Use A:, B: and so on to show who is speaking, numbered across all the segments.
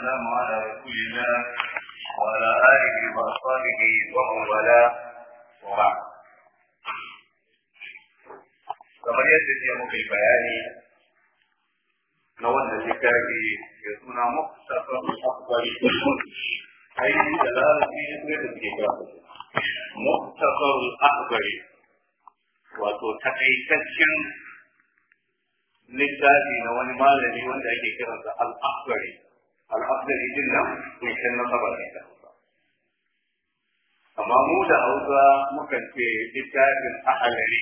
A: والسلام على رسول الله وعلى آله وأصحابه ومن والاه وبعد kamar yadda ce muka yi bayani na wannan littafi ya suna muktasar akwai ainihin da larabci ne da suke kira muktasar akwai wato takaitaccen littafi na wani malami wanda ake kiransa al-akwai al'abdari din nan mai san nasaba ne da hausa amma mu da hausa mukan ce littafin ahalari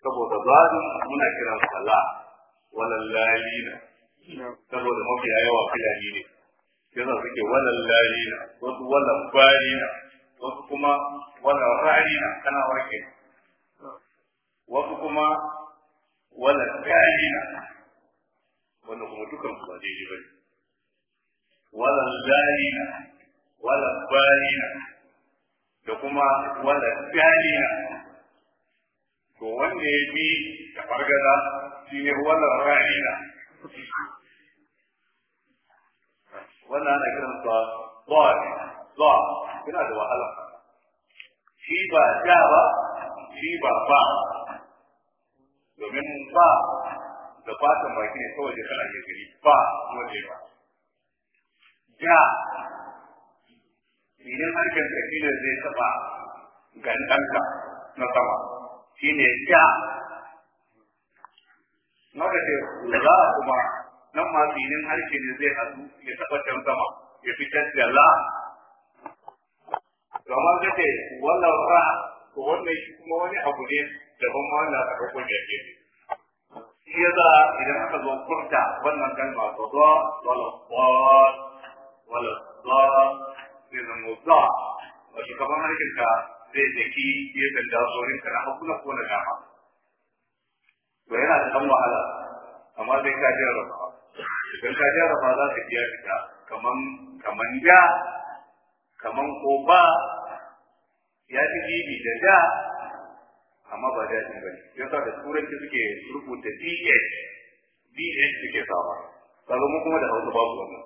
A: saboda zalin muna kiran sala walallali na saboda mafiya yawa filani ne yana suke walallali na wasu walambari na wasu kuma walarari na kana wake wasu kuma walallali na wanda kuma dukan su ba daidai ba ne wala zalina wala barina da kuma wala dalina to wanda ya bi da wala ra'ina wannan ana kiransa bari ba yana da wahala shi ba ja ba shi ba ba domin ba da fatan baki kana ba ba ya idan harshen ka shi zai taɓa gandanka na sama shi ne ya maka ce la kuma nan ma filin harshe ne zai haɗu ya taɓa can sama ya fitar da la gama ka ce wallan ra ko wannan shi kuma wani abu ne daban ma wanda aka rukun da ke shi ya za idan aka zo kurta wannan kalma ko zo wallan wala sai zama za wa shugaban harkin ka zai daki gefen dasorin ka na hakuna ko na dama to yana da ɗan wahala amma zai ka jarraba idan ka jarraba za ka biya fita kaman kaman da kaman ko ba ya ci gibi da da amma ba da ba ne yasa da turanci suke rubuta dh dh suke sawa kaga mu kuma da hausa ba babu wannan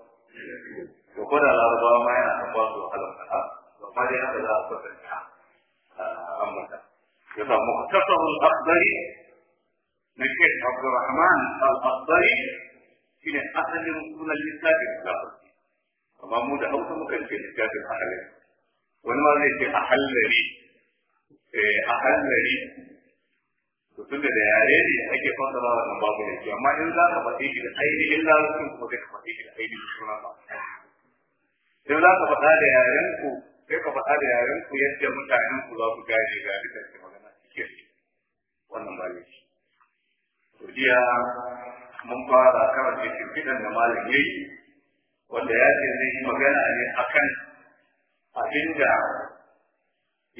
A: to ko da larabawa ma yana kan wasu wahalar fada to amma dai haka za a kwatanta ambata ya sa muhtasar al-akhdari na shek abdurrahman al-akhdari shine asalin sunan littafin kafirci amma mu da hausa mukan ce littafin ahalin wani ma zai ce ahallari eh ahallari to tun da yare ne ake fassara wannan babu ne amma in za ka faɗi shi da ainihin larabcin kuma sai ka faɗi shi da ainihin sunan ba sai za ka faɗa da yarenku sai ka faɗa da yarenku yadda mutanen ku za ku gane ga duka ke magana cikin wannan ba ne to jiya mun fara karanta shimfiɗan da malam ya yi wanda ya ce zai yi magana ne a kan abinda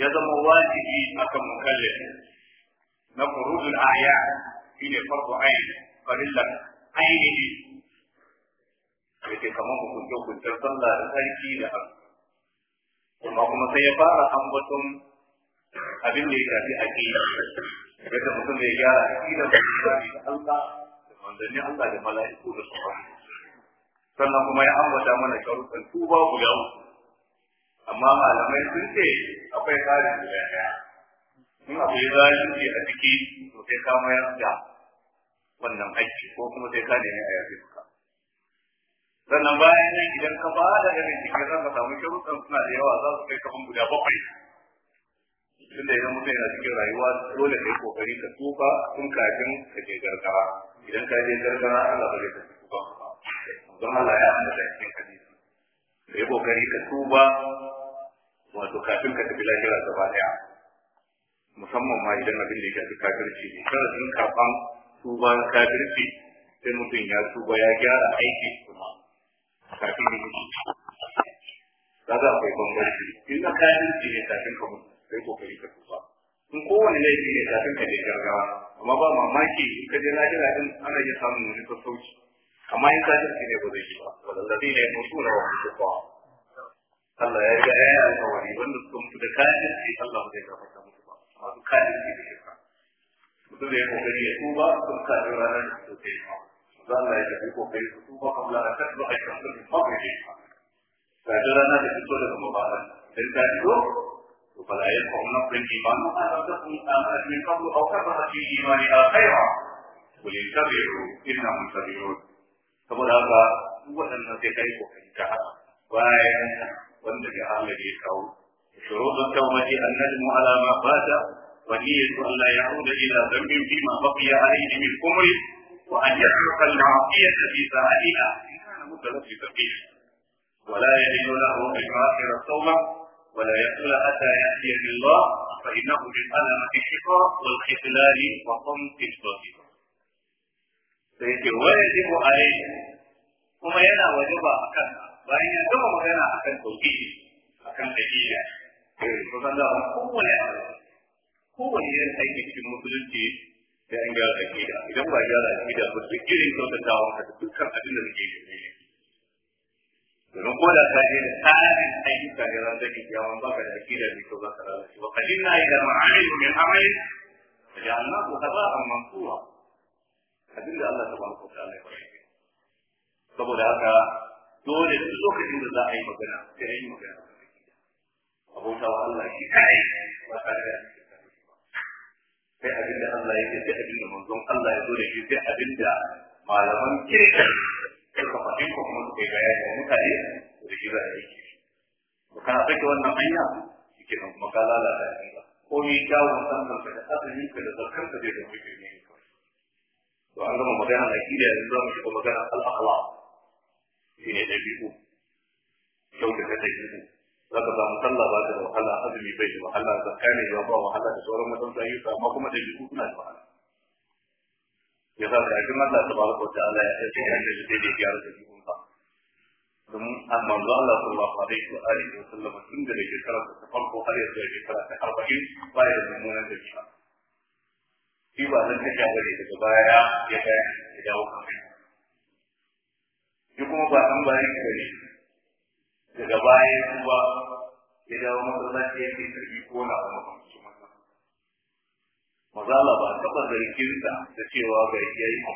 A: ya zama wajibi kan mukallafi na furudun aya shine farko ayin farillan ainihi da ke kamar hukunce-hukuncen sallah da sarki da hannu kuma kuma sai ya fara ambaton abin da ya shafi ke yadda mutum zai gyara ke da shafi da Allah da manzannin Allah da mala'iku da sufa sannan kuma ya ambata mana sharuɗan tuba guda uku amma malamai sun ce akwai tsarin guda ɗaya in akwai zalunci a ciki to sai ka mayar da wannan aiki ko kuma sai ka nemi a yafe sannan bayan nan idan ka ba da da bincike za ka samu sharuɗan suna da yawa za su kai kafin guda bakwai tunda idan mutum yana cikin rayuwa dole kai kokari ka tuka tun kafin ka je gargara idan ka je gargara Allah ba zai ka tuka don Allah ya da cikin hadisi kai kokari ka tuba wato kafin ka tafi lahira gaba daya musamman ma idan abin da ya shafi kafirci ne kada sun kafan tuba kafirci sai mutum ya tuba ya gyara aiki kuma kafin ya mutu za za akwai bambanci in na kayan ce ne kafin ka mutu sai kokari ka tuba in kowane laifi ne kafin ka je gargawa amma ba mamaki in ka je lahira din ana iya samun wani sassauci amma in kafirci ne ba zai yi ba wallazi ne mutu na wani kufa Allah ya ga ya alƙawari wanda suka mutu da kafirci Allah zai gafarta mutu ba amma masu kafirci da shirka mutum da zai kokari ya tuba sun kafin ranar da suka yi فلا يجبكم في الخطوبة قبل أن تتبع الشخص من فأجلنا في لتسول المبارك إن تأتوا فلا يدفع نقض الإيمان ما لم تكن آمنت من قبل أو كفرت في إيمانها خيرا قل انتبهوا إنهم سبيلون saboda haka waɗannan sai kai kokarin ta haka bayan wanda ga Allah ya kawo شروط التوبة الندم على ما فات ونية أن لا يعود إلى ذنب فيما بقي عليه من عمره وأن يترك المعصية في فاعلها إن كان متلبسا بها ولا يجد له أن يؤخر التوبة ولا يقول حتى يأتي الله فإنه من في الشفاء والخذلان وصمت البصيرة فيجب ويجب عليه كما ينا وجب أكن وإن يجب ما مغنى أكن توقيت أكن تجيلة فبالله هو يعلم هو يعلم أي شيء مسلم sai an gyara akida idan ba gyara akida ba duk irin kyautatawa ka da dukkan abin da suke yi ne domin ko da ka je da tsarin ayyuka da ran zaki kyawun ba ka da akida mai kyau za ka lalace wa kadinna ila ma'amilu min amalin fa ja'alnahu haba'an mansura abin da Allah ta wa ta'ala ya faɗi saboda haka dole duk lokacin da za a yi magana sai a yi magana abota wa Allah shi kai ba tare da sai abinda Allah ya ce sai abinda manzon Allah ya zo da shi sai abinda malaman kirka suka faɗi ko kuma suka yi bayani wa mutane da shi za a yi shi to kana sake wannan hanya shike nan kuma ka lalata shi ba ko ni kyawun sannan ka da asalin ka da zarkar ka zai zama shi ne to an gama magana na kila yanzu za mu shiga magana al-akhlaq shine dabi'u kyau da dabi'u za ka samu sallah ba ta da wahala azumi bai da wahala zakka ne ba wahala da sauran wadansu ayyuka amma kuma da biyu suna da wahala ya sa da ajin Allah tabaraka wa ta'ala ya ce ya ce sai da gyara da biyu ba domin amma Allah sallallahu alaihi wa alihi wa sallam tun da shekara ta farko har ya zuwa shekara ta 40 baya da mummunan da biyu shi ba zan ta shafa ne daga baya ya ga ya dawo kan shi kuma ba an bayan gari daga baya kuma ya dawo masa zafi yake sarki ko na a makamancin wannan mazala ba taɓa zargin da da cewa bai iya yi a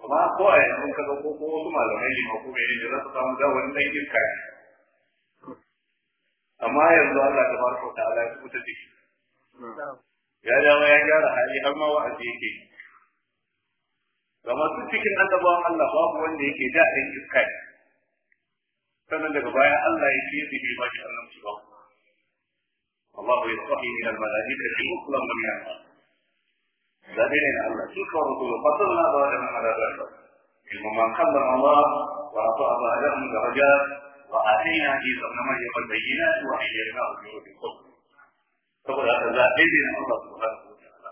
A: amma ko a yanzu kaga ko ko wasu malamai ne ko mai ne za su samu da wani ɗan yin ne. amma yanzu Allah ta baraka wa ta'ala ya kuta ciki ya dawo ya gyara hali har ma wa'azi yake ga masu cikin annabawan Allah babu wanda yake da ɗan iska ne sannan daga baya Allah ya ce zai ba shi annabci ba Allah ya sahi min al-malaika rusulan man ya'ma da dai ne Allah shi ko rusul fasalna ba da man da ba ilmu man qadar Allah wa ata'a ba da mun daraja wa atina isa ibn maryam al-bayyinat wa ayyadnahu bi ruhil qudus saboda haka za dai ne Allah subhanahu wa ta'ala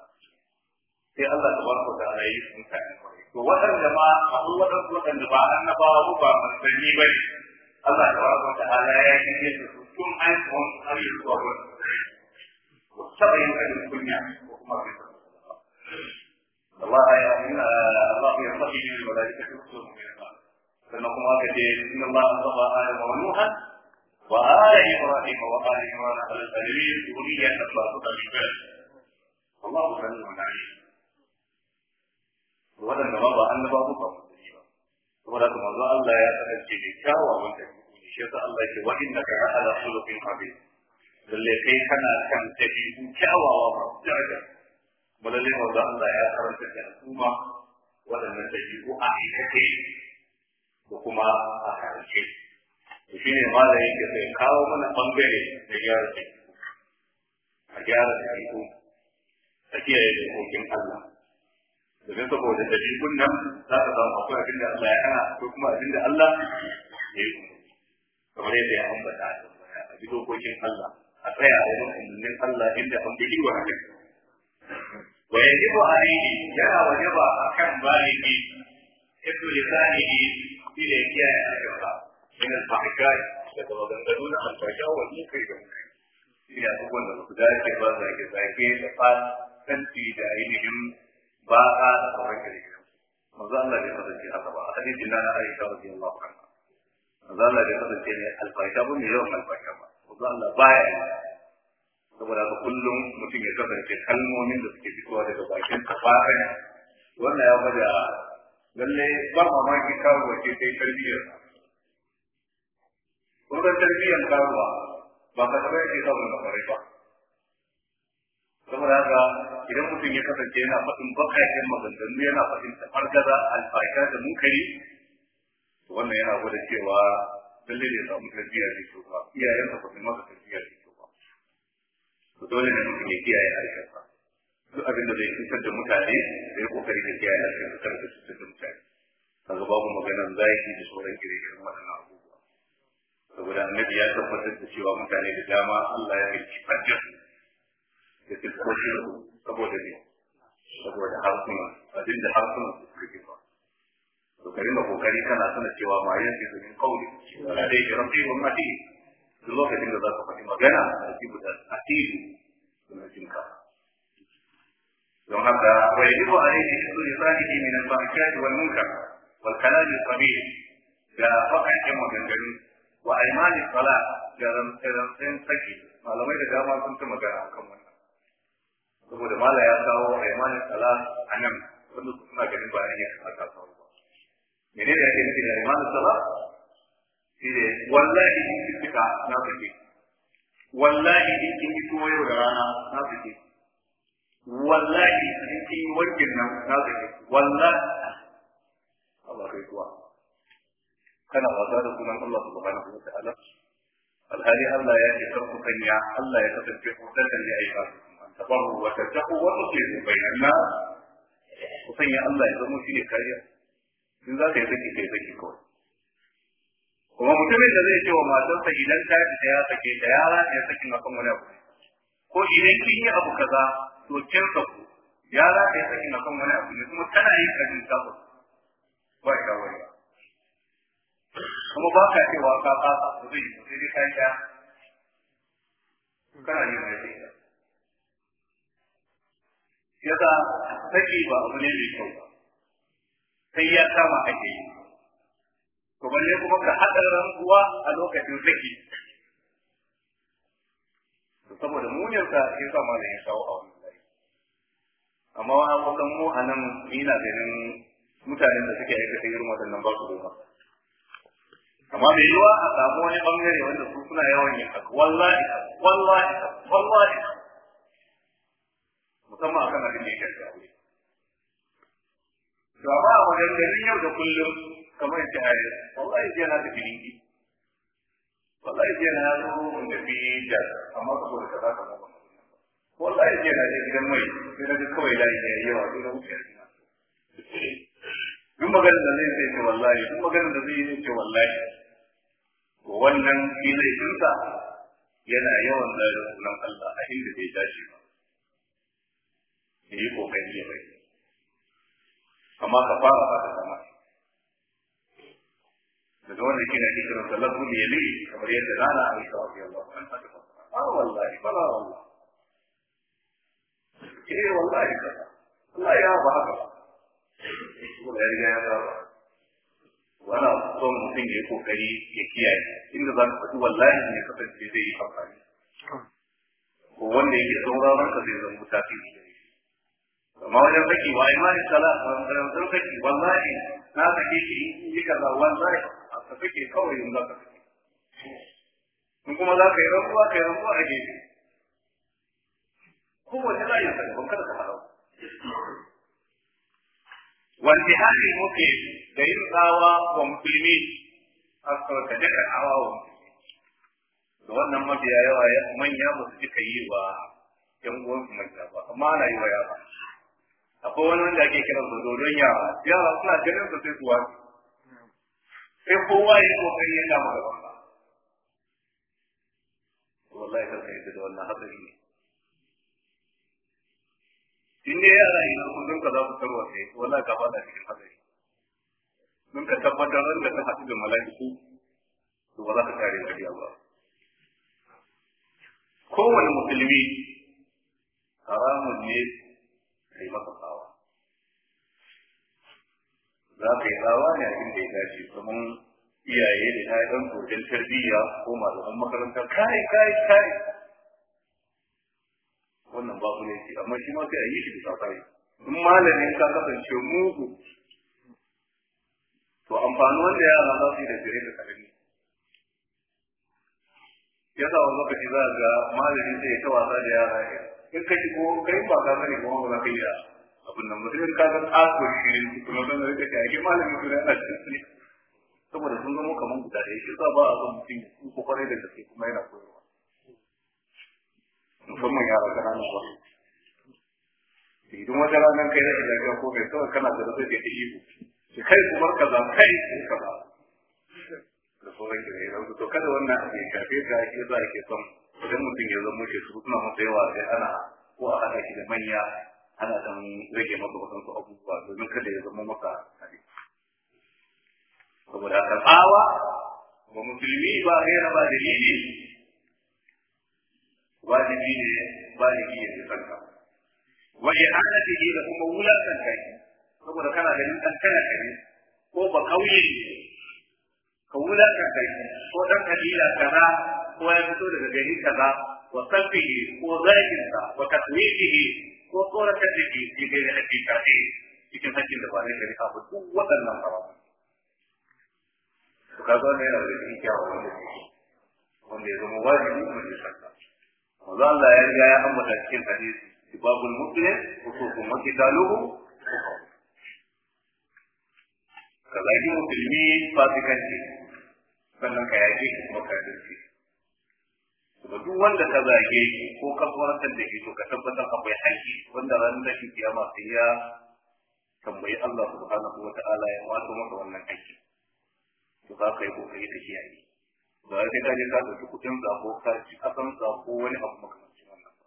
A: sai Allah tabaraka wa ta'ala yi mutane to waɗanda ma abubuwan waɗanda ba annabawa ba manzanni ba ne Allah tabaraka wa ta'ala ya shige su tun an tsohon har yi zuwa wani ko saba yin kanin kunya ko kuma bai saba Allah ya nuna Allah ya saki ne wa dalika tuksu mu'mina sannan kuma aka ce inna Allah saba adam wa nuha wa ala ibrahim wa ala imran ala al-alamin duniya ta ba su kan shi Allah ya nuna ne wadanda ba ba annabawa ba saboda kuma Allah ya saka ce kyawawan tafiya shi yasa Allah ya ce wa innaka la ala khuluqin abin. lalle kai kana kan dabi'u kyawawa masu daraja kuma lalle wanda Allah ya karanta da al'umma waɗannan dabi'u a aikace da kuma a karance to shine malam yake sai kawo mana bangare da gyara dabi'u a gyara dabi'u a kiyaye dokokin Allah domin saboda dabi'un nan za ka samu akwai abin da Allah ya hana Ko kuma abin da Allah ya yi kamar yadda ya ambata a ji dokokin Allah a tsaya a wajen umarnin Allah inda an bi wa haka wa yajibu alayhi yana wajaba akan baligi ibnu lisanihi ila kiyaye haka min al-fahishai daga maganganu na al-fahishai wa munkari da munkari ina abubuwan da su dace ba zage zage da fasanci da ainihin ba a da sauran kare manzo Allah ya kasance haka ba a hadisin na Aisha radiyallahu anha manzo Allah bai kasance ne alfasha ba mai yawan alfasha ba manzo Allah baya saboda haka kullum mutum ya kasance kalmomin da suke fitowa daga bakin sa fatan wannan ya bada lalle ba mamaki kawo wace sai tarbiyyar kuma tarbiyyar kawo ba ka taɓa yake kawo na kwarai ba saboda haka idan mutum ya kasance yana faɗin bakakken maganganu yana faɗin tafargaza alfasha da munkari wannan yana gwada cewa lalle ne samu tarbiyya ne to ba iyayen ka kuma maka tarbiyya ne to ba to dole ne mutum ya kiyaye harshen sa duk abin da zai cutar da mutane da ya kokari da kiyaye harshen sa kada cutar da mutane kaga babu maganar zaki da sauran ire-iren waɗannan abubuwa saboda annabi ya tabbatar da cewa mutane da dama Allah ya yi fajjar da tilkoshi saboda ne saboda harsunan abin da harsunan su suke ba to ka rinka kokari kana sanar cewa ma yanzu su min kauli da dai ki rabbi wa mati duk lokacin da za ka faɗi magana a cikin da asiri suna jin ka don haka wa yajibu alayhi hifdhu lisanihi min al-fahsha'i wal munkar wal kalam al-qabih da fakakken maganganu wa aymani salat da rantsen saki malamai da dama sun ta magana akan wannan saboda mala ya kawo aymani salat anan wanda suna ganin ba ne ya kamata ba menene ake nufi da imanin sa ba shi ne wallahi in kin fita na fice wallahi in kin yi tuwo yau da rana na fice wallahi in kin yi wankin nan na fice wallahi Allah kai kuwa kana wasa da sunan Allah subhanahu wa ta'ala alhali Allah ya ce karku kanya Allah ya kasance ku kadan ne ayi ba tabarru wa tattaqu wa tuslihu bainan nas ku sanya Allah ya zama shi ne kariya in za ka yi saki kai saki kawai kuma mutumin da zai ce wa matarsa idan ta yi ta ya sake ta ya rana ya sakin akan wani abu ko idan kin yi abu kaza to kin ku ya ta yi sakin kan wani abu ne kuma tana yin abin sabo ba ya wani kuma ba ka cewa ka kasa ba zai sai dai ka yi ta kana yin mai sai ta yasa saki ba abu ne mai kyau ba sai ya kama ake yi to balle kuma ka haɗa rantsuwa a lokacin saki saboda munyarsa ke sa mana ya kawo a amma wani abokan mu a nan ina ganin mutanen da suke aikata irin waɗannan ba su goma amma mai yiwa a samu wani bangare wanda su suna yawan yin haka wallahi wallahi wallahi musamman akan abin da ya kyanta to amma a maganganun yau da kullum kamar yadda a yi wallahi jiya na tafi ninki wallahi jiya na zo mun tafi jar amma saboda kaza ka ba wallahi jiya na je gidan mai sai na ji kawai layi ya yawa sai na wuce duk maganar da zai sai ce wallahi duk maganar da zai sai ce wallahi wannan shi laifinsa yana yawan zarin sunan Allah a inda bai dace ba. Ya yi ƙoƙari ya bai. amma ka fara ba ta sama daga wannan shi ne ake kiran sallar kulli yali kamar yadda rana a isa wa biyar ba ba wallahi ba wallahi eh wallahi ka Allah ya ba haka ba ko da riga ya ba wala son mutum ya yi kokari ya kiyaye inda za ka faɗi wallahi ne kasance zai yi amfani ko wanda yake sauraron ka zai zama mutafi ne amma wajen saki wa imani sala wajen saki wallahi na saki shi yi kaza wallahi a saki kawai yanzu ka kuma za ka yi rantsuwa ka yi rantsuwa a دين قاوى ومسلمين أصل كدك قاوى ومسلمين wannan mafiya yawa manya ba su cika yi wa ‘yan uwansu manya ba, akwai wani wanda ake kiran su dodon yawa yawa suna ganin su sai su sai kowa ya kokari yana mu da ba wallahi kar kai da wannan hadari ne in ne yara na kun ka za ku tarwa sai wallahi ka fada cikin hadari mun ka tabbatar da da ka haɗu da mala'iku to ba za ka kare biya ba kowane musulmi haramun ne kai maka tsawa za ka yi ne a inda ya dace kamar iyaye da ya ɗan kogin tarbiyya ko malaman makaranta kai kai kai wannan babu ne amma shi ma sai a yi shi da in malamin ka kasance mugu to amfani wanda yara za su yi da gare ya sa wani lokaci za ga sai ya da yara ya in ka shigo kai ba ka sani kuma ba za ka iya abin nan mutum ka san akwai shirin kuma kan da kake ake malamin kuma yana cikin ne saboda sun zama kamar guda da shi ba a son mutum in ko kwarai da gaske kuma yana koyarwa musamman yara kanana ba idan eh, wata ranar kai rashin lafiya ko kai kawai kana da rashin da ihu kai kuma kaza kai kaza da sauran gire to kada wannan abu ya shafe ka shi za ke son idan mutum ya zama shi su suna masa yawa sai ana ko a haɗa shi da manya ana dan rage masa wasu abubuwa domin kada ya zama masa hadi saboda haka tsawa ba musulmi ba gaira ba dalili wajibi ne baligi ya fi kanka wa i'anatihi da kuma wulatan kai saboda kana ganin dan kana kai ko ba kauye ka wulatan kai ko dan kabila kaza ko ya fito daga gari kaza wa sabbihi ko zakinsa wa taswifihi ko tsoratar da ke fi gari haƙƙi cikin haƙƙin da ba na gari ka duk waɗannan hawa. To ka zo ne yana da cikin kyawun wanda ya wanda ya zama wajibi kuma ya shakka. Allah ya riga ya ambata cikin hadisi babul muslim hukukum wa qitaluhu ka musulmi fasikanci sannan ka yaƙi kuma ka dace to duk wanda ka zage shi ko ka tsoratar da shi to ka tabbatar akwai haƙƙi wanda ran da shi kiyama sai ya tambayi Allah subhanahu wa ta'ala ya wato maka wannan haƙƙi to ka kai kokari da kiyaye ba sai ka je ka dauki kuɗin zako ka ci kasan zako wani abu makamancin wannan ba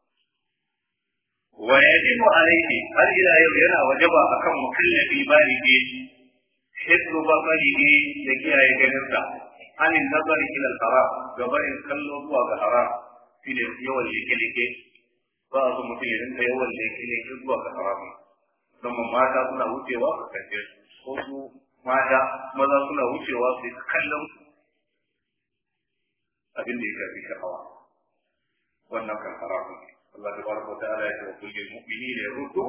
B: wa yajibu alayhi har ila yau
A: yana wajaba akan mukallafi baligi hiddu basarihi ya kiyaye ganin sa. an yi nazari ila al-hara da kallo zuwa ga hara fi yawan yake yake ba a zama fiye da yawan yake yake zuwa ga hara don suna wucewa ka kace mata maza suna wucewa su kallon su abin da yake fi shawa wannan kan hara Allah ya barka da alayhi wa sallam mu'minin ya rutu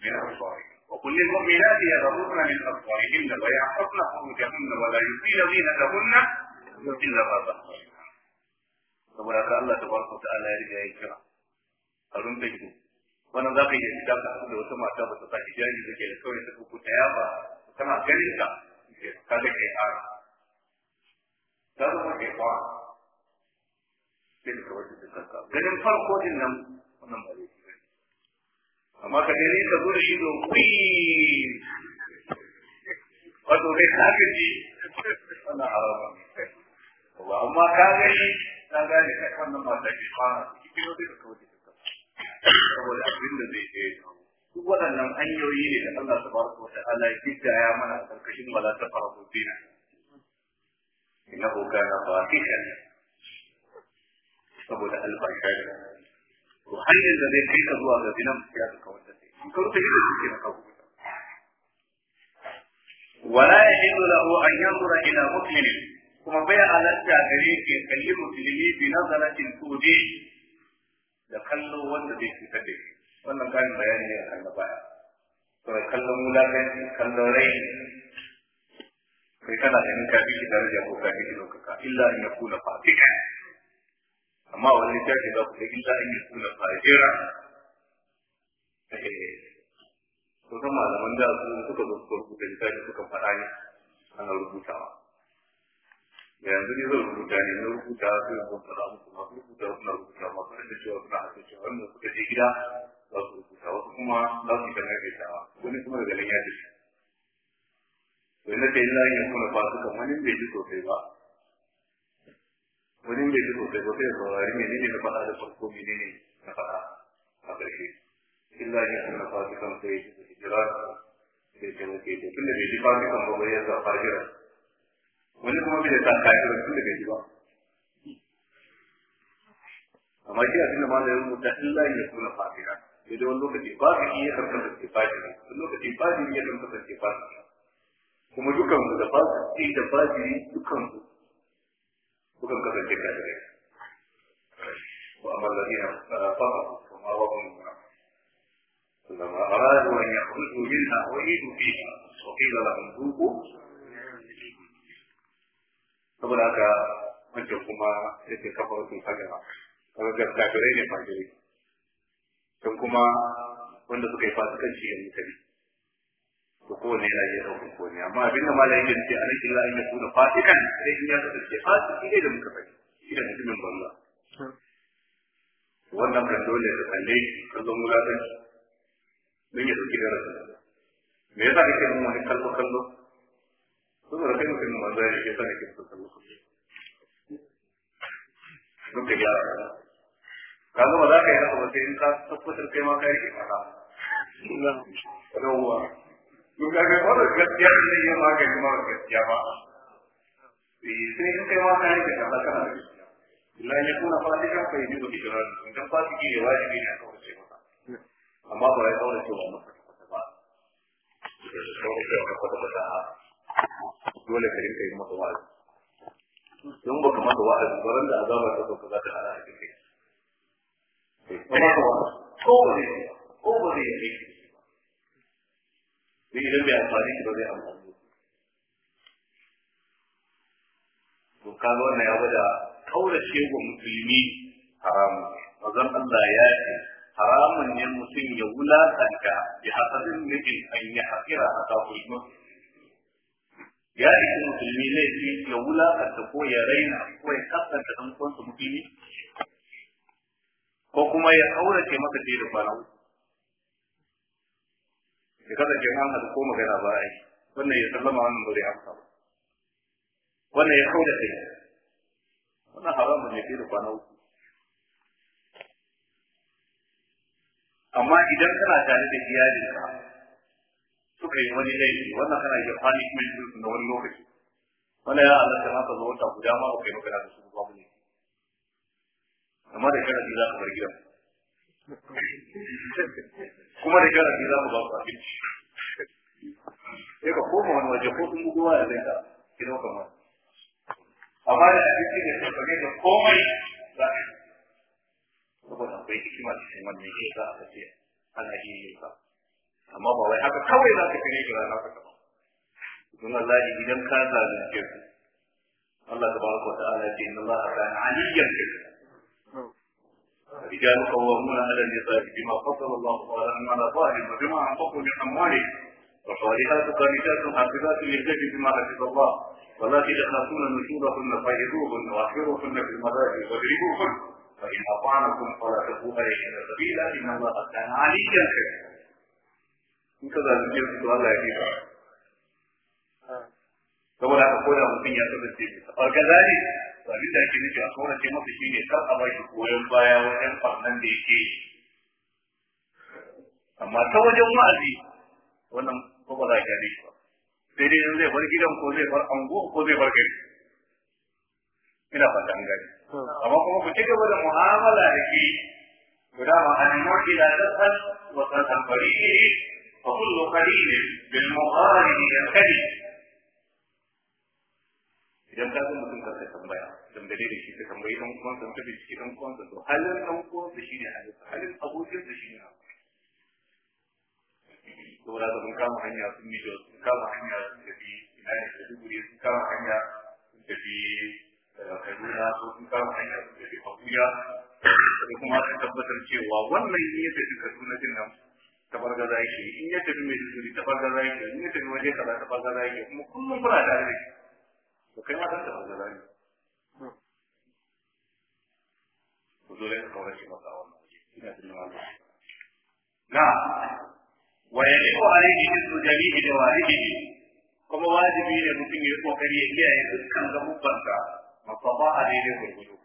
A: ya rabbi وكل المؤمنات يذربن من da ويحفظن فروجهن ولا يبدين زينتهن إلا ما ظهر saboda ka Allah tabaraka ta'ala ya riga ya kira a rumfe ido wannan za ka iya shiga ka da wata mata ba ta sa hijabi da ke da kawai ta kuku ta yaba tana ganin ka ka ga kai ara ta zama kai fara sai da kawai ta kanka ganin farko din nan wannan ba amma ka gani ka zo da shi don queen wato kai ka gaji wannan haraba ba amma ka gani na gane kai wannan ba da ke fara cikin wani da kawai saboda abin da zai je duk waɗannan hanyoyi ne da Allah tabaraka wa ta'ala ya mana a karkashin wala ta farko dina innahu kana fatihan saboda albarka to hanyar da zai kai ka zuwa ga zinan ya ka kawar da kai ka rufe ido shi na kawo wala ya hindu lahu an yanzura ila mu'minin kuma bai halatta gare ke kalli musulmi bi nazaratin tudi da kallo wanda zai cutar da shi wannan karin bayani ne a kan baya kawai kallon wulakanci kallon rai kai kana ganin ka fi shi daraja ko ka fi shi ɗaukaka illa in ya kula fasika amma wani littafi za ku ga illa an yi kuna fajira ko eh, san malaman da su suka zo suka rubuta littafi suka faɗa ne ana rubutawa yanzu ne zan rubuta ne na rubuta su yi kuma faɗa muku masu rubuta suna rubuta masu da cewa suna hasa cewa wannan suka je gida za su rubuta wasu kuma za su yi kamar kaitawa wani kuma daga nan ya tafi. Wani na ta illa an yi kuna fa suka wani bai ji sosai ba wani bai ji sosai ba sai ya saurari nini na faɗa da farko mai nini na faɗa a ƙarshe illa ne an na fasu kan sai ya ji jira ke ya ke to tun da bai ji fasu kan ba bai a sa fajira wani kuma bai da sa kajira tun da bai ji ba amma shi abin da ma da ya rubuta illa ne kuna fajira sai dai wani lokaci fasu iya ke kasance ne wani lokaci fasu iya ke kasance ne kuma dukansu da fasu da fajiri dukansu kukan kasance kafirai wa amma ladina fasahu eh, fa ma wa hum لما أرادوا أن يخرجوا منها أعيدوا فيها وقيل لهم ذوقوا saboda haka wancan kuma yake kafa wasu fagara kaga ga kafirai ne fajirai don kuma wanda suka yi fasikanci yanzu kabi to kowanne yana iya ɗaukar kowanne amma abin da malayin da a anan illa an ya kuna fasikan sai in ya zata ke fasiki ne da muka faɗi shi da mutumin banza wannan kan dole ka kalle shi kallon wulatanci don ya ɗauki darasi me yasa kake mun wani kallo kallo saboda kai mutumin banza ne yasa kake mun kallo kallo duka gyara ka zama za ka yi haka ba sai in ka tabbatar kai ma ka rike fara yawwa to ga ga wannan gaskiya ne gaskiya ba eh, sai in kai ma kai fa ne a kaurace masa amma ba ya ba dole ka rinka yi masa wa'azi don ba ka masa wa'azi ba ran da azaba ta sauka za ta a cikin kai ko ba ko sai idan bai amfani shi ba zai amfani to kaga wannan ya gwada musulmi haramun mazan Allah ya ce haramun ne mutum ya wulakanta bi hasadin mijin an yi hakira a kafin ya ishi musulmi laifi ya wulakanta ko ya raina ko ya kasanta ɗan uwansa musulmi ko kuma ya kaurace masa da kwana uku ya kasance an haɗu ko magana ba a yi wannan ya sallama wannan ba zai amsa wannan ya kauda kai wannan haramun ne ke da kwana uku amma idan kana tare da iyalinka suka yi wani laifi wannan kana iya kuma din na wani lokaci wannan ya halatta na ka zo wata guda ma ba kai magana da su ba ne amma da kana za ka bar gidan kuma da kyau ake ce za mu ba ku abinci sai ka koma wani waje ko sun gudu waya zai ka ki dauka ma amma da abinci da shafage da komai za ka yi saboda akwai hikima cikin wannan shi za a ce ana yi yin ka. amma ba wai haka kawai za ka kare ki rana ka ba don Allah idan ka zalunce su Allah tabaraka wa ta'ala ya ce inna Allah kana aliyyan kabira رجال قوامون على النساء بما فضل الله تعالى على ظاهر وبما انفقوا من اموالهم وصالحات قانتات حافظات للجد بما حفظ الله والتي يخافون نشورهن فايدوهن واحفروهن في المضاجع واضربوهن فان اطعنكم فلا تقوا اليهن سبيلا ان الله كان عليا كبيرا. وكذلك يذكر الله يجيبها. saboda haka koda mutum ya kasance bisa. Kazalik abin da ake nufi a kaurace masa shi ne kar a ba shi baya wajen farnan da yake yi amma ta wajen wa'azi wannan ko ba za a gane ba sai dai zai bar gidan ko zai bar ango ko zai bar gari ina fata an gani amma kuma ku ci gaba da mu'amala da ke guda ma an wa fa kullu qalilin bil idan ka zama mutum ka tambaya dangane da shi ka tambayi dan kuma san ka bincike dan uwan san to halin dan uwan da shine halin halin abokin da ne to da mun kama hanya sun yi mijo sun kama hanya sun tafi ina ne da duburi sun kama hanya sun tafi eh, kaduna ko sun kama hanya sun tafi abuja da kuma sun tabbatar cewa wannan ne da duka sunatin nan tabargaza yake in ya tafi mai duburi tabargaza yake in ya tafi waje kaza tabargaza yake kuma kullum kuna tare da shi to kai ma dan ka zama zani ku dole ka kawar shi masa wannan waje ina tunan na wa yajibu alayhi hizbu jami'i da walidihi kuma wajibi ne mutum ya yi kokari ya kiyaye dukkan gabubansa mafaba a ne gurgudu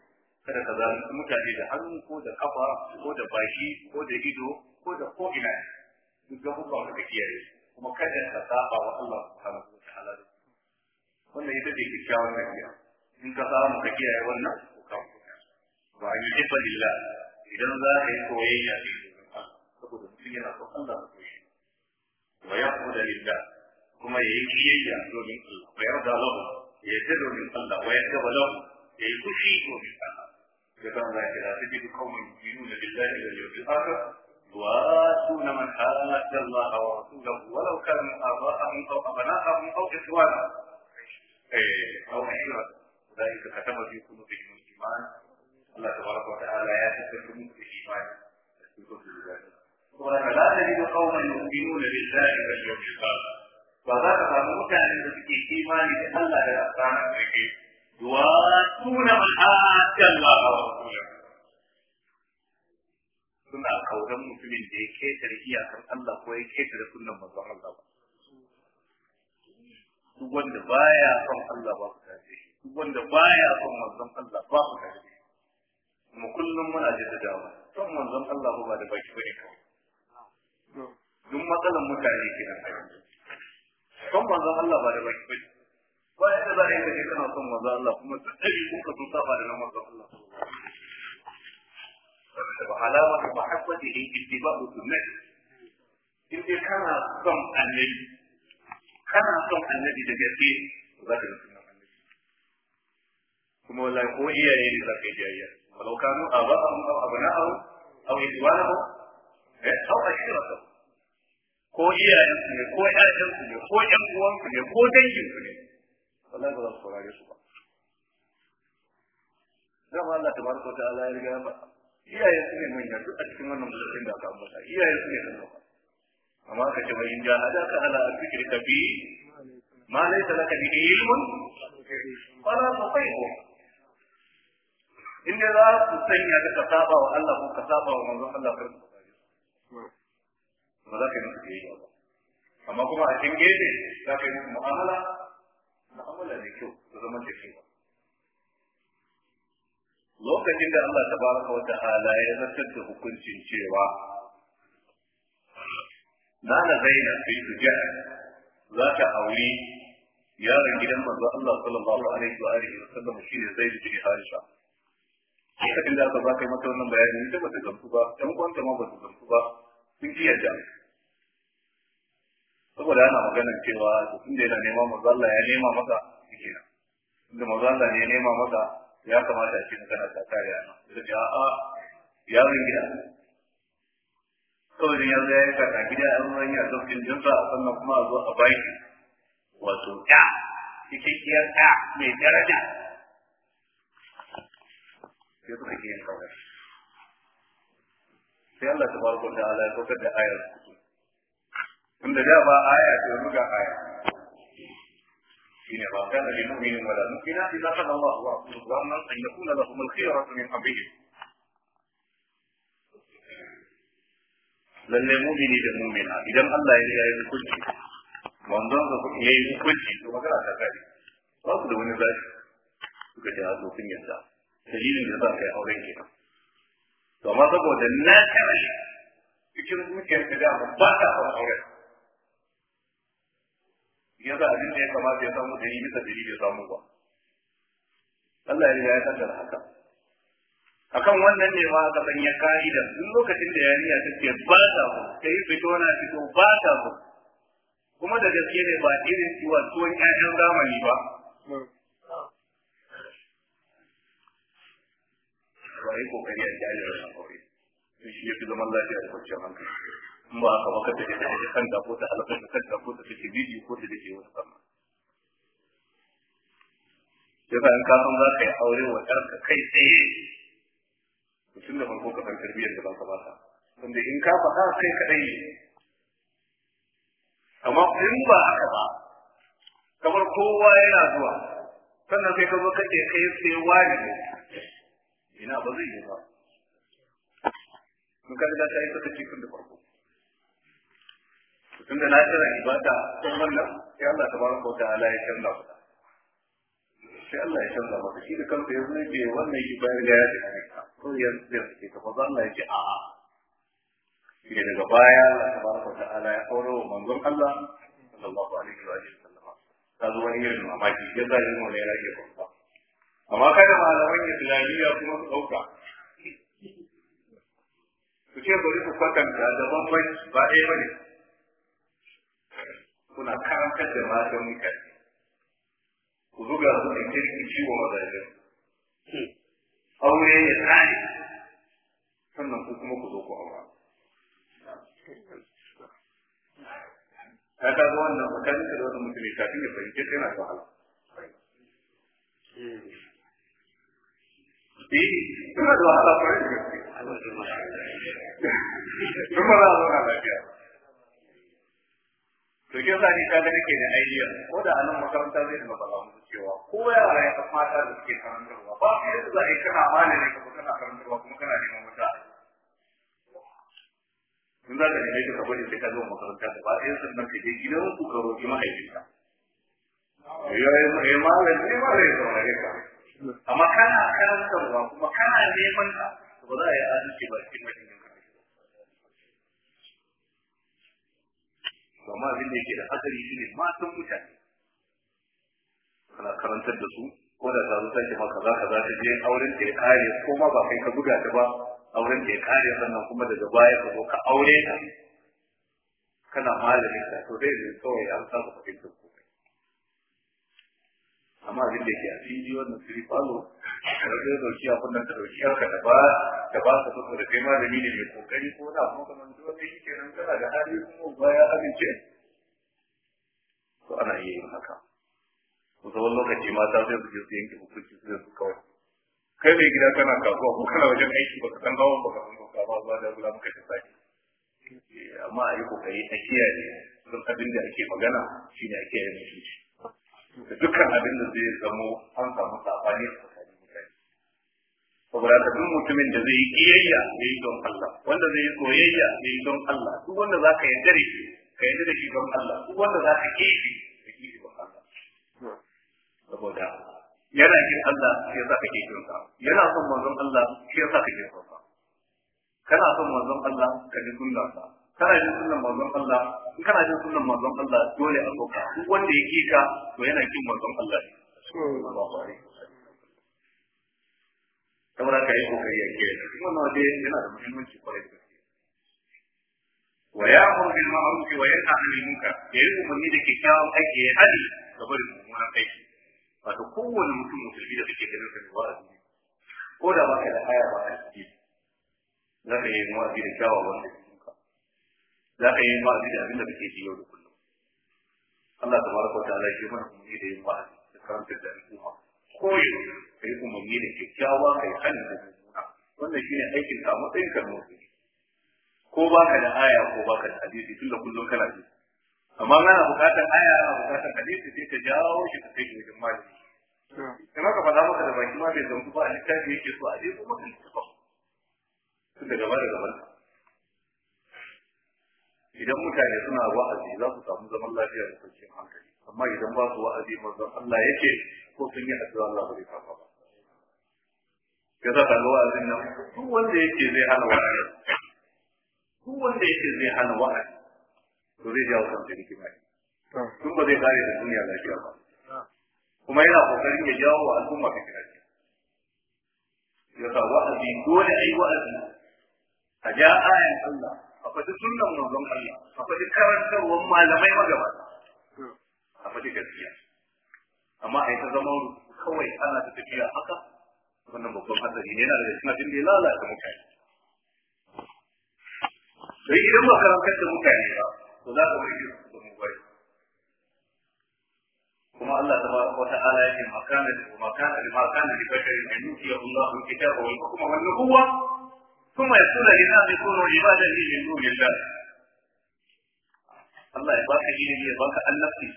A: kada ka zalunci mutane da hannu ko da kafa ko da baki ko da ido ko da ko ina duk gabubansa ka kiyaye kuma kada ka saba wa Allah subhanahu wa ta'ala wannan ita ce kyakkyawar tafiya in ka samu ka kiyaye wannan ko ka ba yi jifa lilla idan za ka yi soyayya ne saboda mutum yana son Allah ko shi wa da lilla kuma ya yi kiyayya domin Allah wa da lahu ya yi ta domin Allah wa ba lahu ya yi kushi domin Allah da kan za ka rasu ji kawai yu'minuna billahi yau yawmil akhir وآتون من حاد الله ورسوله ولو كانوا آباءهم أو أبناءهم أو إخوانهم أو عشرة ذلك ختم بكم بالإيمان الله تبارك وتعالى يأتيكم بالإيمان ولا تجد قوما يؤمنون بالله واليوم الآخر وذاك فمتعن بسكي إيمان الله لأسانا بكي يواتون من آتى الله ورسوله suna kauran mutumin da ya ketare iyakar Allah ko ya ketare sunan manzon Allah ba duk wanda baya son Allah ba ku tare shi duk wanda baya son manzon Allah ba ku tare shi kuma kullum muna jaddada ba son manzon Allah ba da baki bane kawai duk matsalan mutane ke nan son manzon Allah ba da baki bane ba yadda za a yi kake kana son manzon Allah kuma ta dare kuka sun saba da nan manzon Allah da yi وعلامة محبته اتباع سنته. إن كان son النبي kana son annabi da gaske za ka ga annabi kuma wallahi ko iyaye ne za ka yi jayayya walau kanu eh, ko ne ko ne ko ƴan ne ko ne wallahi ba za su saurare su ba dama Allah wa ta'ala ya riga ya ne duk a cikin wannan da aka ambata iyayen su ne kan amma ka ce mai inda hada ka hala a ka bi ma laisa laka bi ilmun fala ko inda za ku sanya ka saba wa Allah ko ka saba wa manzon Allah kar ba za ka yi musu biyayya ba amma kuma a cikin gefe za ka yi musu mu'amala mu'amala ne kyau ta zama da ba. lokacin da Allah tabaraka wa ta'ala ya zartar da hukuncin cewa nana zaina bintu jahal za ta aure yaron gidan manzo Allah sallallahu alaihi wa alihi wa sallam shine zaid bin harisha sai da aka baka mata wannan bayani ne ba ta gamsu ba dan kwanta ma ba ta gamsu ba sun ji yadda saboda ana magana cewa to inda yana nema manzo Allah ya nema maka, shike nan inda manzo Allah ne ya nema maka, ya kamata shi kana ta kare ana sai a'a yaron gidan kawai ya zo ya yi kaka gida an ruwan ya zo kin jinsa sannan kuma a zo a baki wato ɗa cikakkiyar ɗa mai daraja sai ke yin kawai sai Allah ta barko da Allah ya saukar da ayar tunda da ba aya ce ruga aya shine ba kana lil mu'minin wala mu'mina idza qada Allahu wa rasuluhu amran an yakuna lahum al min amrihim lalle mumini da mumina idan Allah ya riga ya hukunci manzon sa ku yi hukunci to magana ta kare ba ku da wani zafi suka ji hazo sun yarda dalilin da za ka yi auren ke to amma saboda na kare cikin zuciyar ka da ba ta son auren yanzu abin da ya kamata ya samu dalili bisa dalili ya samu ba Allah ya riga ya kaddara haka akan wannan ne ma aka sanya ka'ida duk lokacin da yariya ta ce ba ta ku ta yi fito na fito ba ta ku kuma da gaske ne ba irin ciwon tuwon ƴaƴan zamani ba ba ko kai a jali da na kawai shi shi yake fi zaman lafiya da kwanciyar hankali in ba ka baka take ta da kanta ko ta halaka da kanta ko ta take bibi ko ta take wani sama yasa in ka san za ka yi aure wa ɗanka kai tsaye tun da farko ka san tarbiyyar da baka baka wanda in ka faɗa kai kaɗai ne amma in ba haka ba kamar kowa yana zuwa sannan sai ka zo ka ce kai sai wani ne ina ba zai yi ba mun ka ta yi saka cikin da farko tun da na kira ibada tun wannan sai Allah tabaraka wa ta'ala ya canza ku sai Allah ya canza maka shi da kansa ya zai ce wannan shi bayar da ya a, ko to ya zai ce ka bazan Allah ya ce a ke daga baya Allah ta ala ya aure wa manzon Allah sallallahu alaihi wa sallam ta zo wani irin mamaki ya zai yi wani ne rage ba amma kada malaman islamiyya kuma su dauka ku ce bari ku kwatanta da bambanci ba ɗaya ba ne kuna karantar da matan mutane ku buga su da kai ku ciwo mazajen aure ya tsari sannan ku kuma ku zo ku aura ka ga wannan tsakanin da wannan mutum kafin ya fahimce kai na wahala Eh, kuma da wahala kwarai da gaske. Kuma da wahala to shi yasa ni ta ga nake da idea ko da anan makaranta zai da faɗa muku cewa ko yara ya san mata da suke karantarwa ba ku yadda za a yi kana malami kuma kana karantarwa kuma kana neman wuta in za ka nemi ka bari sai ka zo makaranta ba sai sun nan ka je gidan ku ka roki mahaifinka
B: ya yi malami ne malami ka malami ka
A: amma kana karantarwa kuma kana neman ka ba za a yi adalci ba cikin mutum to amma abin da yake da hadari shi ne matan mutane kana karantar da su ko da ta zo ta maka ma kaza kaza ta je auren ta ya kare ko ma ba kai ka buga ta ba auren ta ya kare sannan kuma daga baya ka zo ka aure ta kana malamin ta to dai ne kawai an ka fahimtar ko amma abin da ke a fili wannan siri falo da rage da dauki abin nan da dauki yarka da ba da ba ka da kai malami ne mai kokari ko da kuma kamar zuwa da yake nan kana da hali kuma ba ya amince to ana iya yin haka kusa wani lokaci mata sai su je su yanke hukunci su da su kawai kai mai gida kana kasuwa ko kana wajen aiki baka san gawan baka san doka ba zuwa da zuwa muka tafi amma a yi kokari a kiyaye don abin da ake magana shine a kiyaye mutunci da dukkan abin da zai zamo an samu sabani a tsakanin mutane saboda ka duk mutumin da zai yi kiyayya ya yi don Allah wanda zai yi soyayya ya yi don Allah duk wanda za ka yarda da shi ka yarda da shi don Allah duk wanda za ka kishi ka kishi don Allah saboda yana kin Allah shi yasa kake kin sa yana son manzon Allah shi yasa kake son sa kana son manzon Allah ka ji sunna sa kana jin sunnan manzon Allah in kana jin sunan manzon Allah dole a soka duk wanda ya kika to yana kin manzon Allah ne saboda ka yi kokari a kiyaye wannan waje yana da muhimmanci kwarai da gaske wa ya'muru bil ma'ruf wa yanha 'anil munkar ya yi umarni da kyakkyawan aiki ya hadi da barin mummunan aiki wato kowane mutum musulmi da kake ganin sa ba ko da ba ka da haya ba a ciki zaka yi mu'azi da kyawawan aiki za ka yi ma'azi da abin da kake yi yau da kullum Allah ta baraka ta ta'ala shi mana kuma da yin ma'azi da karanta da al'umma ko yau kai umarni da kyakkyawa kai hali da mummuna wannan shine aikin ka matsayin ka mu ko ba ka da aya ko ba ka da hadisi tun da kullum kana ji amma kana bukatar aya ana bukatar hadisi sai ka jawo shi ka kai shi wajen malami kana ka faɗa maka da baki ma bai zanku ba a littafi yake so a je kuma kan tafa da gaba da gaba. idan mutane suna wa'azi za su samu zaman lafiya da kwanciyar hankali amma idan ba su wa'azi manzon Allah yake ko sun yi addu'a Allah bai kafa ba ya za ka wa'azin nan duk wanda yake zai hana wa'azi duk wanda yake zai hana wa'azi to zai jawo kansa rigima ne tun ba zai kare da duniya lafiya ba kuma yana kokarin ya jawo wa al'umma ka kira ya sa wa'azi dole a yi wa'azi a ja ayan Allah a faɗi sunan manzon Allah a faɗi karantarwar malamai magabata a faɗi gaskiya amma a yi ta zama kawai ana ta tafiya haka wannan babban hatsari ne yana da cikin abin da ya lalata mutane sai idan ba karantar da mutane ba to za ka wuce su da mugwai kuma Allah ta baraka wata ala yake makana da makana da makana da basharin an yuti Allah al-kitaba wal ثم يقول للناس كونوا عبادا لي من دون الله Allah ya baka ilimi ya baka annabci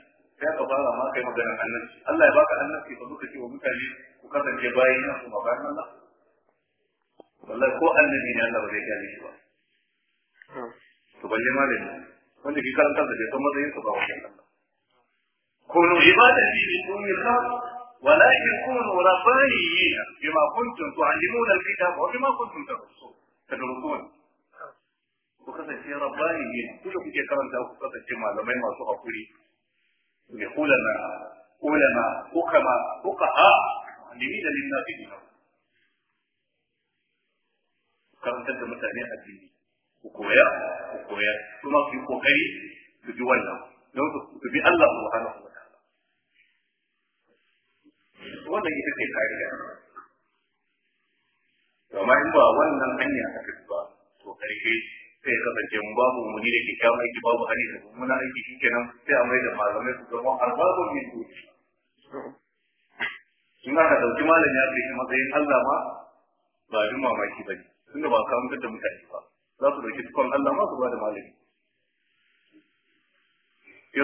A: sai ka fara ma kai maganar Allah ya baka annabci ka zuka wa mutane ku kasance bayan nan kuma bayan Allah wallahi ko annabi ne Allah ba zai gane shi ba to balle malami wanda ke karanta da san matsayin su ba wajen ولكن كونوا ربانيين بما كنتم تعلمون الكتاب وبما كنتم تدرسون تدرسون وكذا في رباني دي كل في كلام ده وكذا في ما لما ما سوى كوري ويقول أنا قول أنا أكما أكها لميدا للنبي دي كان تبدأ مثلا نحن وكويا وكويا ثم في كوكري تجوانا تبي الله سبحانه وتعالى وانا يتكي خيريا amma in ba wannan hanya aka bi ba to karfe sai ya kasance mu babu mu ni da kyakkyawan aiki babu hali da mummuna aiki shi kenan sai a mai da malamai su zama arbabun min duki suna da dauki malam ya kai matsayin Allah ma ba abin mamaki ba tun da ba kawo mutar da mutane ba za su dauki tukon Allah ma su ba da malami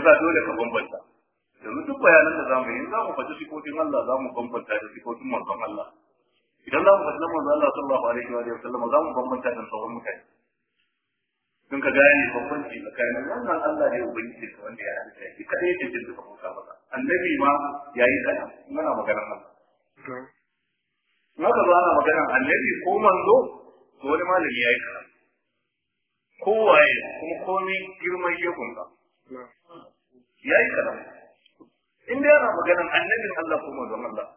A: sa dole ka bambanta yanzu duk bayanan da zamu yi za mu faɗi sifofin Allah za mu bambanta da sifofin manzon Allah idan za mu ga sunan manzo Allah sallallahu alaihi wa sallam za mu bambanta da sauran mutane don ka gane bambanci tsakanin wannan Allah ne ubangiji ka wanda ya halitta shi kadai yake jin duka kuka masa annabi ma yayi kana muna magana Allah Na ba ana magana annabi ko manzo ko wani malami yayi kana kowaye kuma komai girman yakun ka yayi kana in dai ana maganan annabin Allah ko manzon Allah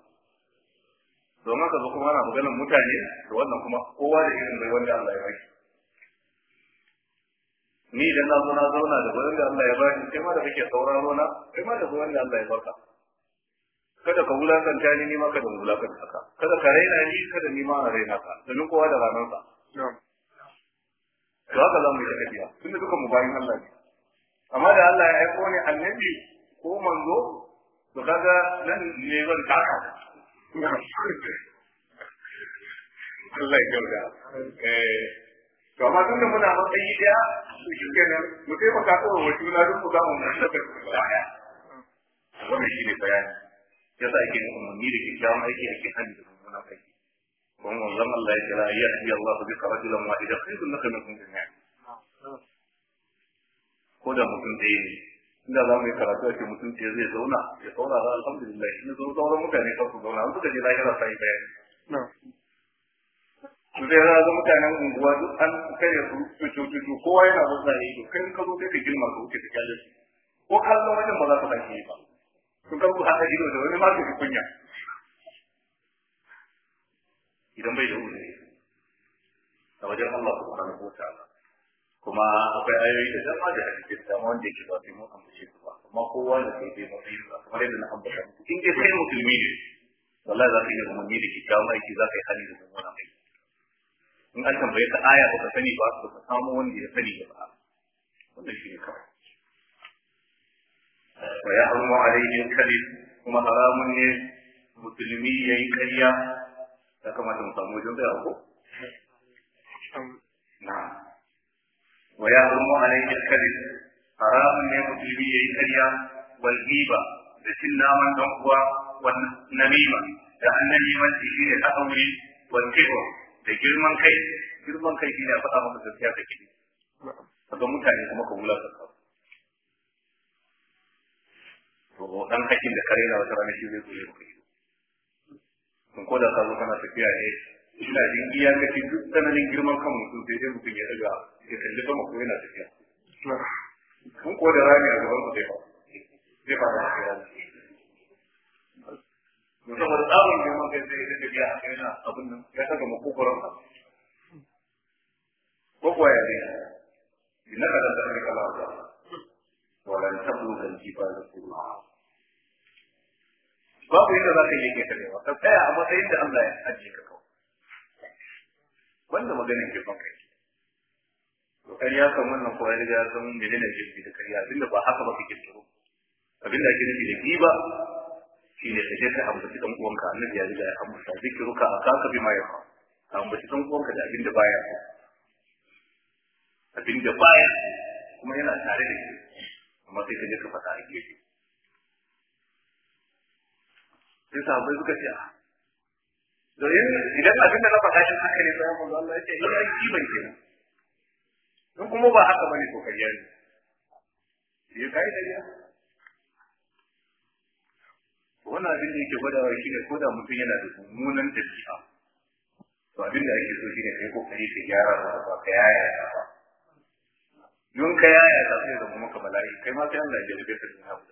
A: domin ka zo kuma ana maganar mutane da wannan kuma kowa da irin bai wanda Allah ya baki ni idan na zo na zauna da wanda Allah ya baki kai ma da kake sauraro na kai ma da wanda Allah ya baka kada ka wulakanta ni ma kada wulakanta ka kada ka raina ni kada ni ma na raina ka domin kowa da ranar sa to haka za mu yi tafiya da duka mu bayin Allah ne amma da Allah ya aiko ne annabi ko manzo to kaga nan ne zan taka Allah ya kyauta. Eh, to amma tun da muna matsayi daya su shi kenan mu taimaka kawai wa juna don mu samu na saka su gaba daya. Wannan shi ne bayani. Ya sa ake yin umarni da kyakkyawan aiki ake hannu da mummunan aiki. Kuma manzon Allah ya kira ya fi Allah bi qarajilan wahida khairun laka min kulli ni'am. Ko da mutum ɗaya ne inda za mu yi karatu a ce mutunci zai zauna ya saurara alhamdulillah in zo sauran mutane kan su zauna suka je lahira sai bayani su zai za ga mutanen unguwa duk an kare su cucu-cucu kowa yana zo zai ido kai ka zo kai ka girma ka wuce ka kyale ko kallon wajen ba za su tashi ba su kan ku haɗa ido da wani ma ka kunya idan bai da uzuri a wajen Allah subhanahu wa ta'ala kuma akwai ayoyi da dama da hadisi da wanda yake ba sai mun ambace su ba kuma kowa da sai dai mun yi kamar yadda na ambata in dai kai musulmi ne wallahi za ka yi musulmi da kikkiawan aiki za ka yi hali da mummunan aiki in an tambaye ka aya ba ka sani ba ba ka samu wanda ya sani ba wannan shi ne kawai wa ya harumu alaihim kadib kuma haramun ne musulmi ya yi ƙarya ya kamata mu samu wajen tsaye ko? Na'am. ويحرم عليه الكذب حرام من مسلمي كريا والغيبة لسنا من دعوة والنميمة لأن النميمة تشير الأهوي والكبر لجرما كي girman kai shi ne a faɗa maka gaskiya kake ne kaga mutane kuma ka wulaka ka to dan hakin da kare na zai kun ko da ka kana tafiya ne ina jin iyakacin duk tsananin girman kan mutum sai dai mutum ya riga ya kalli sama ko yana tafiya kun ko da rami a gaban su zai ba zai ba da shi rami saboda tsarin girman kai zai yi tafiya a kai na abin nan ya saka makogoron sa ko kuwa ya zai ina ka da tsari kala da walan tabu da jiba da kuma babu yadda za ka yi ke karewa ka tsaya a matsayin da Allah ya ajiye ka kawai wanda maganin girman kai ƙarya kan wannan kuwa ya riga ya san menene girbi da ƙarya abinda ba haka ba ka kirkiro abinda ake nufi da giba shine ka je ka ambaci dan uwanka annabi ya riga ya ambata zikiruka akaka bima yafa ambaci dan uwanka da abinda baya so abinda baya kuma yana tare da shi amma sai ka je ka faɗa a gefe sai sahabbai suka ce a ah, domin idan abin da na faɗa shi haka ne sai mun Allah ya ce ina kiban kenan in kuma ba haka bane to kariya ne ya kai kariya wannan abin da yake gwadawa shi ne ko da mutum yana da mummunan dabi'a to abin da ake so shi ne kai kokari ka gyara ba ba ka yaya ba don ka yaya ta sai zama maka bala'i kai ma sai Allah ya jabe ka da abu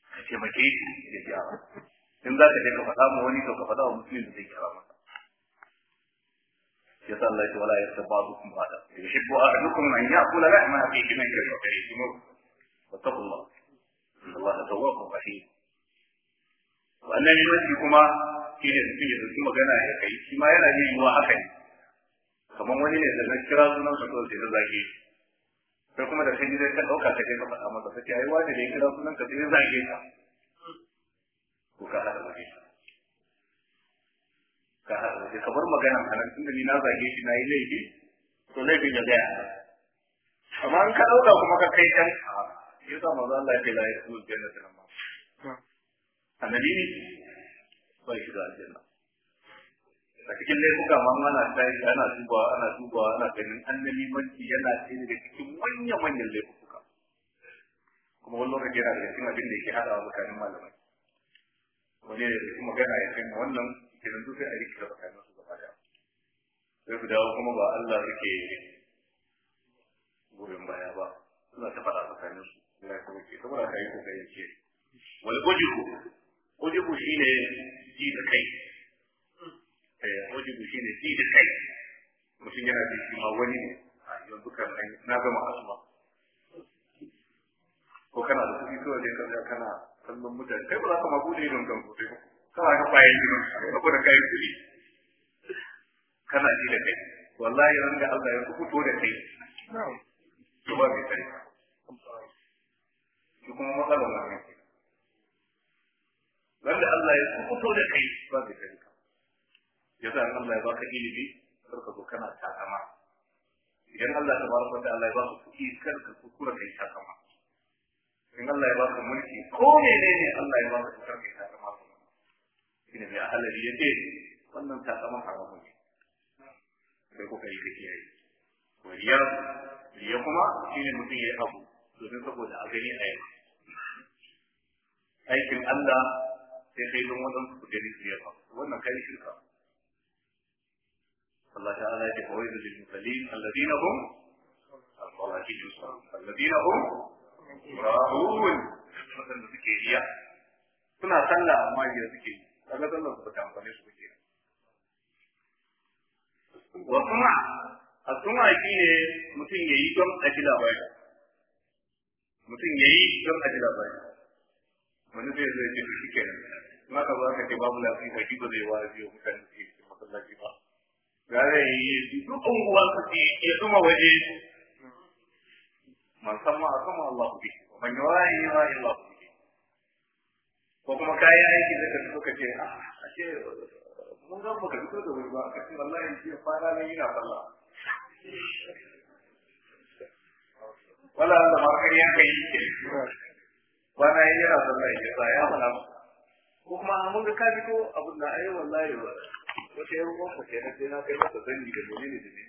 A: ka taimake shi da gyara in za ka je ka faɗa ma wani to ka faɗa wa mutum da zai gyara yasa Allah ya wala yastabadu kum hada yushibbu ahadukum an ya'kula lahma akhihi min kafa kayyimu wattaqullah inna Allah tawwabur rahim wannan yawanci kuma shi ne mutum ya magana ya kai shi ma yana yin yiwuwa haka ne kamar wani ne da zai kira sunan sa sai da zage sai kuma da kai zai ka dauka ka je ka faɗa masa sai ai wani da kira sunan ka sai zage ka ko ka hada ka haɗa waje ka bar maganan halal tunda ni na zage shi na yi laifi to laifin ya gaya amma an ka ɗauka kuma ka kai can ya sa maza Allah ya ce la ya su da na tunan ma annabi ne ba shi da aljanna a cikin laifuka ma ana tayi ana duba ana duba ana ganin annabi manci yana ɗaya da cikin manyan manyan laifuka kuma wani lokaci yana da cikin abin da yake haɗawa tsakanin malamai wani da cikin magana ya kai wannan kenan duk sai a rikita tsakanin su gaba daya sai su dawo kuma ba Allah suke gurin baya ba suna ta faɗa tsakanin su ya kuma ke saboda kai ko kai ce wal ujibu ujibu shine ji da kai eh ujibu shine ji da kai mutum yana da shi ma wani ne a yanzu kan na gama asuma ko kana da kuɗi kawai dai kana kallon mutane kai ba za ka magude irin kan sosai ba kawai ka kwayan ka saboda kayan kuɗi kana ji da kai wallahi ran da Allah ya fito da kai to ba kai sai shi kuma matsala ne ran da Allah ya fito da kai ba kai sai yasa Allah ya baka ilimi karka zo kana takama idan Allah ta baraka da Allah ya baka kuɗi karka kukura kai takama in Allah ya baka mulki ko menene Allah ya baka karka takama shine mai ahalari ya ce wannan sakamakon haramun ne sai kuka yi kake yayi wariya riya kuma shi ne mutum ya yi abu domin saboda a gani a yau aikin Allah sai kai don waɗansu ku gani su yaba wannan kai shirka Allah ta'ala ya ce kawai da lil musallin alladina hum as-salihun alladina hum ra'un wadanda suke riya suna sallah amma riya suke yi kaga sallan ba ta amfani su kuke wa kuma a suma shi ne mutum ya yi don a ji labari mutum ya yi don a ji labari wani zai zai ce shi ke nan. na ka ba ka ce babu lafiya ba shi ba zai wari biyu mutane su yi masallaci ba gare ya yi duk unguwa su ce ya zuma waje man sama a sama Allah ku bi man yawa ya yi ma Allah ko kuma kayan aiki zaka tafi ka ce ah, a ce mun ga baka fito da wuri ba ka ce wallahi jiya fara ne yana falla wala Allah ma ya kai yake bana yi yana falla ya sa ya falla ko kuma mun ga ka fito abin da ai wallahi wata yar uwan ku kenan sai na kai zan yi da dole ne da ne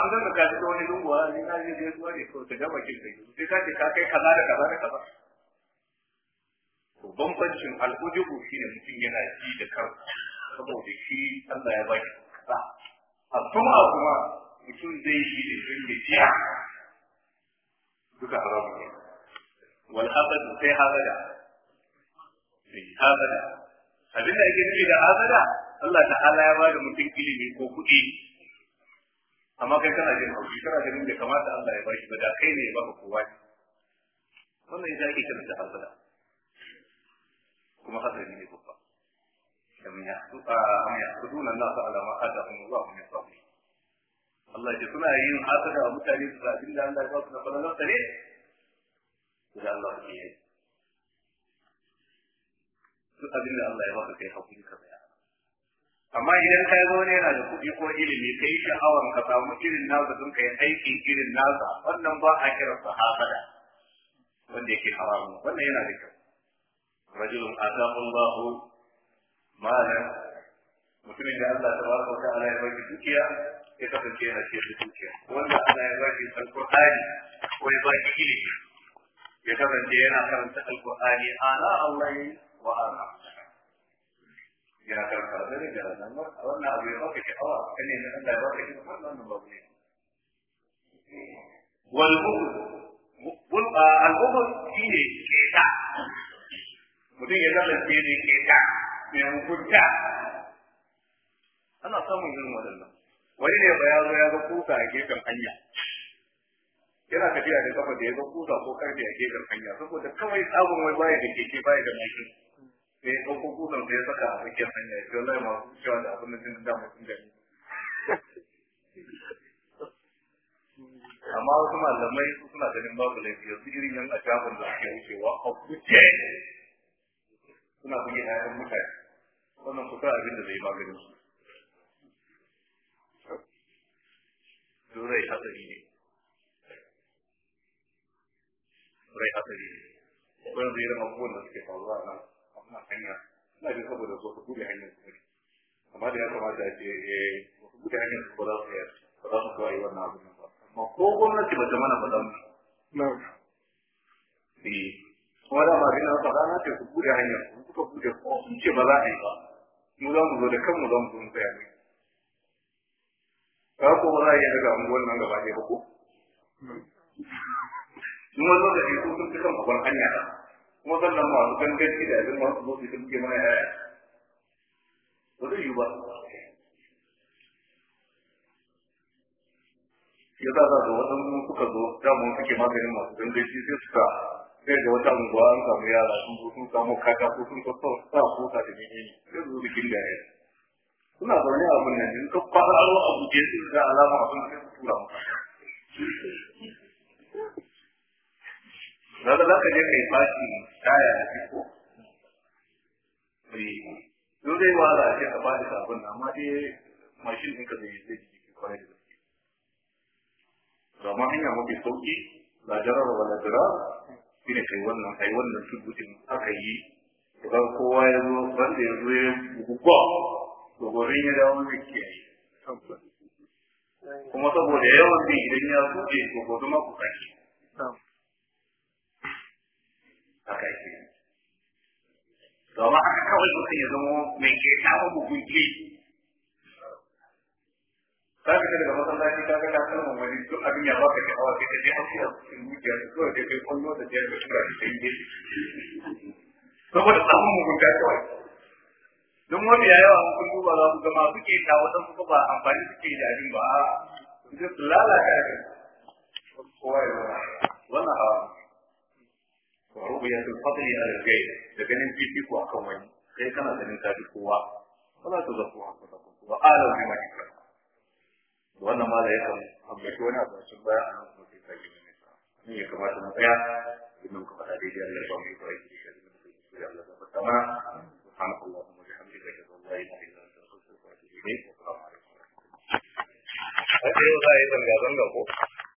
A: an ga ka fito wani lunguwa ah, ne na je gaisuwa ne ko ta gaba kin sai ka ce ka kai kaza da kaza da kaza to bambancin al'ujubu shine mutum yana ji da kansa saboda shi Allah ya baki kasa a kuma mutum zai yi da jin gajiya duka haramu ne wal hasad sai hasada sai hasada abin da ake nufi da hasada Allah ta'ala ya bada mutum ilimi ko kuɗi amma kai kana jin haushi kana ganin da kamata Allah ya baki ba da kai ne ya baka kowa wannan ita ake kira da hasada kuma hadari ne babba kam ya suka am ya suduna nasu ala ma kuma ya min fadli Allah ya suna yin hasada a mutane su abin da an ya ba su na falalar sare da Allah ke yi duk abin da Allah ya baka kai hakuri ka tsaya amma idan ka zo ne yana da kuɗi ko ilimi ka yi sha'awar ka samu irin nasa sun kai aikin irin nasa wannan ba a kiransa hasada wanda yake haramu wannan yana da kyau rajulun ataahu Allah mala mutumin da Allah tabaraka wa ta'ala ya baki dukiya ya kasance yana ce da dukiya wanda Allah ya baki alqur'ani ko ya baki ilimi ya kasance yana karanta alqur'ani Allah wa yana karanta da ne da nan wannan abu ya baki ne baki wannan wal al shine mutum ya kasance ne ke ta mai hukunta ana samun irin waɗannan wani ne ba ya zo ya ga kusa a gefen hanya yana tafiya da kafa da ya ga kusa ko karfe a gefen hanya saboda kawai tsabon wai baya da keke baya da mashin sai ya ɗauko kusan sai ya saka a tsakiyar hanya ya ce wallahi masu cewa da abin da sun da mutum gani amma wasu malamai suna ganin babu laifi yanzu irin yan a da ake wucewa a kuce suna buge ƴaƴan mutane wannan kusa abin da zai maganin su don rai hatsari ne rai hatsari ne wannan zai rama abubuwan da suke faruwa nan a wannan hanya ina jin saboda su ku buɗe hanyar su amma da ya kamata a ce eh, su buɗe hanyar su ba za su yi ba za su kawai wannan abin ba amma ko gwamnati ba ta ba za mu yi. Kuma da ma abin da wata na ce su buɗe hanyar kuka bude ko sun ce ba za a yi ba mu za mu zo da kanmu za mu zo mu tsaya ne ba ko ba za a iya daga unguwar nan gaba ɗaya ba ko mun zo da iko sun fi kan babban hanya da kuma sannan masu ganganci da abin masu zo su kan ke mana yaya ba zai yi ba ya za za zo waɗansu suka zo damu suke maganin masu ganganci sai suka sai da wata unguwa an samu yara sun zo sun samu kaka ko sun sa sa kota da menene zai zo bikin da yaya suna zaune a abin nan in ka fara aro abu je su da alama a da su tura mu da za ka je kai fashi taya da fiko yau eh, zai wala ce a bada da abin amma dai mashin ɗinka zai zai jiki kwarai da gaske. Zama hanya mafi sauƙi la jarara wa la shi ne kai wannan kai wannan tubutin aka yi to ga kowa ya zo wanda ya zo ya gugwa to gobe ya dawo mai kiyaye kuma saboda yawan idan ya zuce to gobe ma ku kawai mutum ya zama mai keta ka daga masallaci ka ga kasan mamari duk abin ya baka awa sai ka je a fiya cikin zuciya da kawai da kai kwallo da jiyar da tura da dange saboda samun mugunta kawai don wani ya yawa mun duba za mu ga masu ke ta wadan kuma ba amfani suke da abin ba a zai su lalata abin kowa ya zama wannan hawa wa rubiyatul fadli ala al-ghayr da ganin fifiko akan wani kai kana ganin ka kowa wala tuzakku anfusakum wa wannan ma da yakan ambaci wani abu cikin baya a nan kuma sai sake ni ya kamata na tsaya inda
B: muka faɗa Allah ya ba
A: mu yi kwarai da shi Allah ya fata mana wa da Allah ya yi ko kuma za a yi zanga ko?